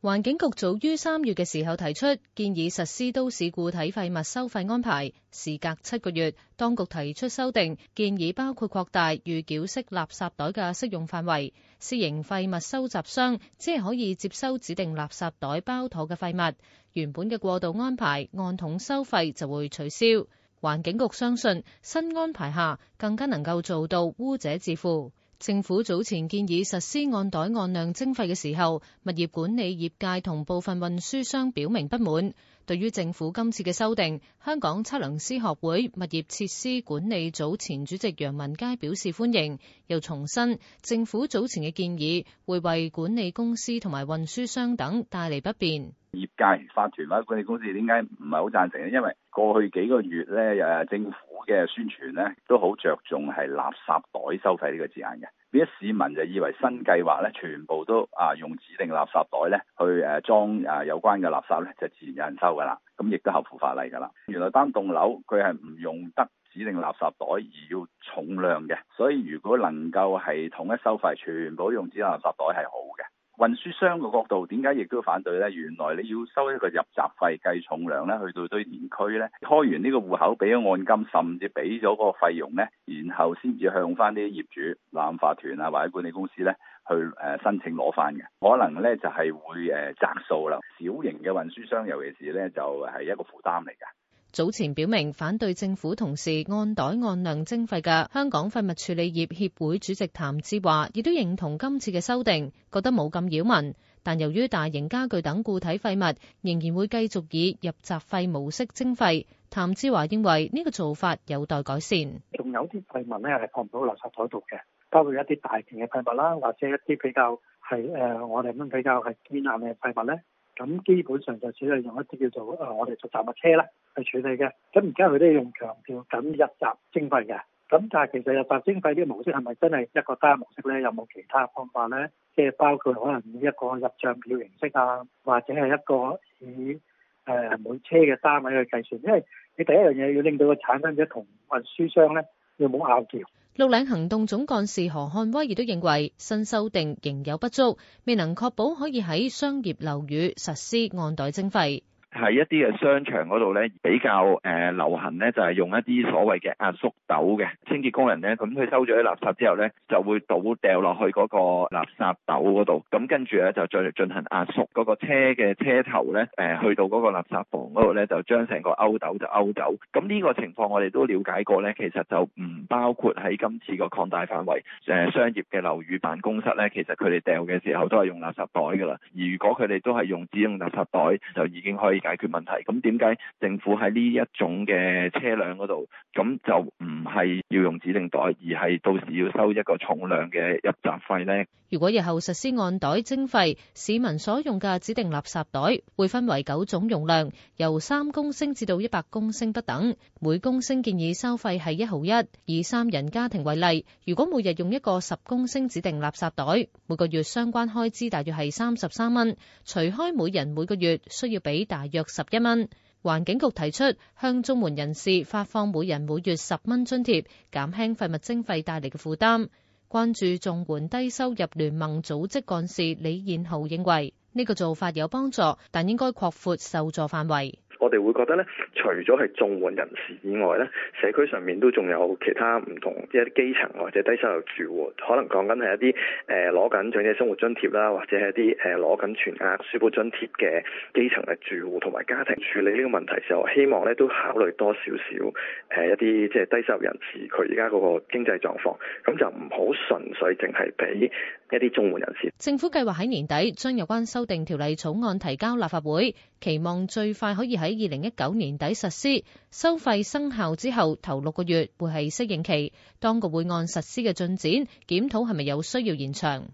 環境局早於三月嘅時候提出建議實施都市固體廢物收費安排，時隔七個月，當局提出修訂建議，包括擴大預繳式垃圾袋嘅適用範圍，私營廢物收集商，即係可以接收指定垃圾袋包妥嘅廢物，原本嘅過渡安排按桶收費就會取消。環境局相信新安排下更加能夠做到污者自付。政府早前建議實施按袋按量徵費嘅時候，物業管理業界同部分運輸商表明不滿。對於政府今次嘅修訂，香港測量師學會物業設施管理組前主席楊文佳表示歡迎，又重申政府早前嘅建議會為管理公司同埋運輸商等帶嚟不便。業界、法團或者管理公司點解唔係好贊成咧？因為過去幾個月咧，誒政府嘅宣傳咧都好着重係垃圾袋收費呢個字眼嘅，呢啲市民就以為新計劃咧，全部都啊用指定垃圾袋咧去誒、啊、裝啊有關嘅垃圾咧，就自然有人收㗎啦。咁亦都合乎法例㗎啦。原來單棟樓佢係唔用得指定垃圾袋，而要重量嘅。所以如果能夠係統一收費，全部用指定垃圾袋係好嘅。運輸商個角度點解亦都反對呢？原來你要收一個入閘費，計重量呢，去到堆填區呢，開完呢個戶口，俾咗按金，甚至俾咗個費用呢，然後先至向翻啲業主、法團啊或者管理公司呢去誒申請攞翻嘅，可能呢，就係會誒責數啦。小型嘅運輸商，尤其是呢，就係一個負擔嚟㗎。早前表明反對政府同時按袋按量徵費嘅香港廢物處理業協會主席譚志華，亦都認同今次嘅修訂，覺得冇咁擾民。但由於大型家具等固體廢物仍然會繼續以入閘費模式徵費，譚志華認為呢個做法有待改善。「仲有啲廢物呢係放唔到垃圾袋度嘅，包括一啲大型嘅廢物啦，或者一啲比較係誒、呃、我哋咁比較係堅硬嘅廢物咧。咁基本上就處理用一啲叫做誒、呃、我哋做雜物車啦，去處理嘅。咁而家佢都要用強調緊入閘徵費嘅。咁但係其實入閘徵費呢個模式係咪真係一個單模式咧？有冇其他方法咧？即係包括可能一個入帳票形式啊，或者係一個以誒、呃、每車嘅單位去計算。因為你第一樣嘢要令到個產生者同運輸商咧，要冇拗撬。綠領行動總幹事何漢威亦都認為新修訂仍有不足，未能確保可以喺商業樓宇實施按袋徵費。喺一啲嘅商場嗰度咧，比較誒流行咧，就係用一啲所謂嘅壓縮斗嘅清潔工人咧，咁佢收咗啲垃圾之後咧，就會倒掉落去嗰個垃圾斗嗰度，咁跟住咧就進進行壓縮，嗰個車嘅車頭咧，誒去到嗰個垃圾房嗰度咧，就將成個勾斗就勾走。咁呢個情況我哋都了解過咧，其實就唔包括喺今次個擴大範圍誒、呃、商業嘅樓宇辦公室咧，其實佢哋掉嘅時候都係用垃圾袋㗎啦。如果佢哋都係用紙用垃圾袋，就已經可以。解決問題，咁點解政府喺呢一種嘅車輛嗰度，咁就唔係要用指定袋，而係到時要收一個重量嘅入閘費呢？如果日後實施按袋徵費，市民所用嘅指定垃圾袋會分為九種容量，由三公升至到一百公升不等。每公升建議收費係一毫一。以三人家庭為例，如果每日用一個十公升指定垃圾袋，每個月相關開支大約係三十三蚊。除開每人每個月需要俾大約十一蚊，環境局提出，向綜援人士發放每人每月十蚊津貼，減輕廢物徵費帶嚟嘅負擔。關注綜援低收入聯盟組織幹事李燕豪認為呢個做法有幫助，但應該擴闊受助範圍。我哋會覺得呢，除咗係綜援人士以外呢，社區上面都仲有其他唔同一啲基層或者低收入住戶，可能講緊係一啲誒攞緊長者生活津貼啦，或者係一啲誒攞緊全額書簿津貼嘅基層嘅住戶同埋家庭處理呢個問題時候，希望呢都考慮多少少誒一啲、呃、即係低收入人士佢而家嗰個經濟狀況，咁就唔好純粹淨係俾。一啲中門人士，政府計劃喺年底將有關修訂條例草案提交立法會，期望最快可以喺二零一九年底實施。收費生效之後，頭六個月會係適應期，當局會按實施嘅進展檢討係咪有需要延長。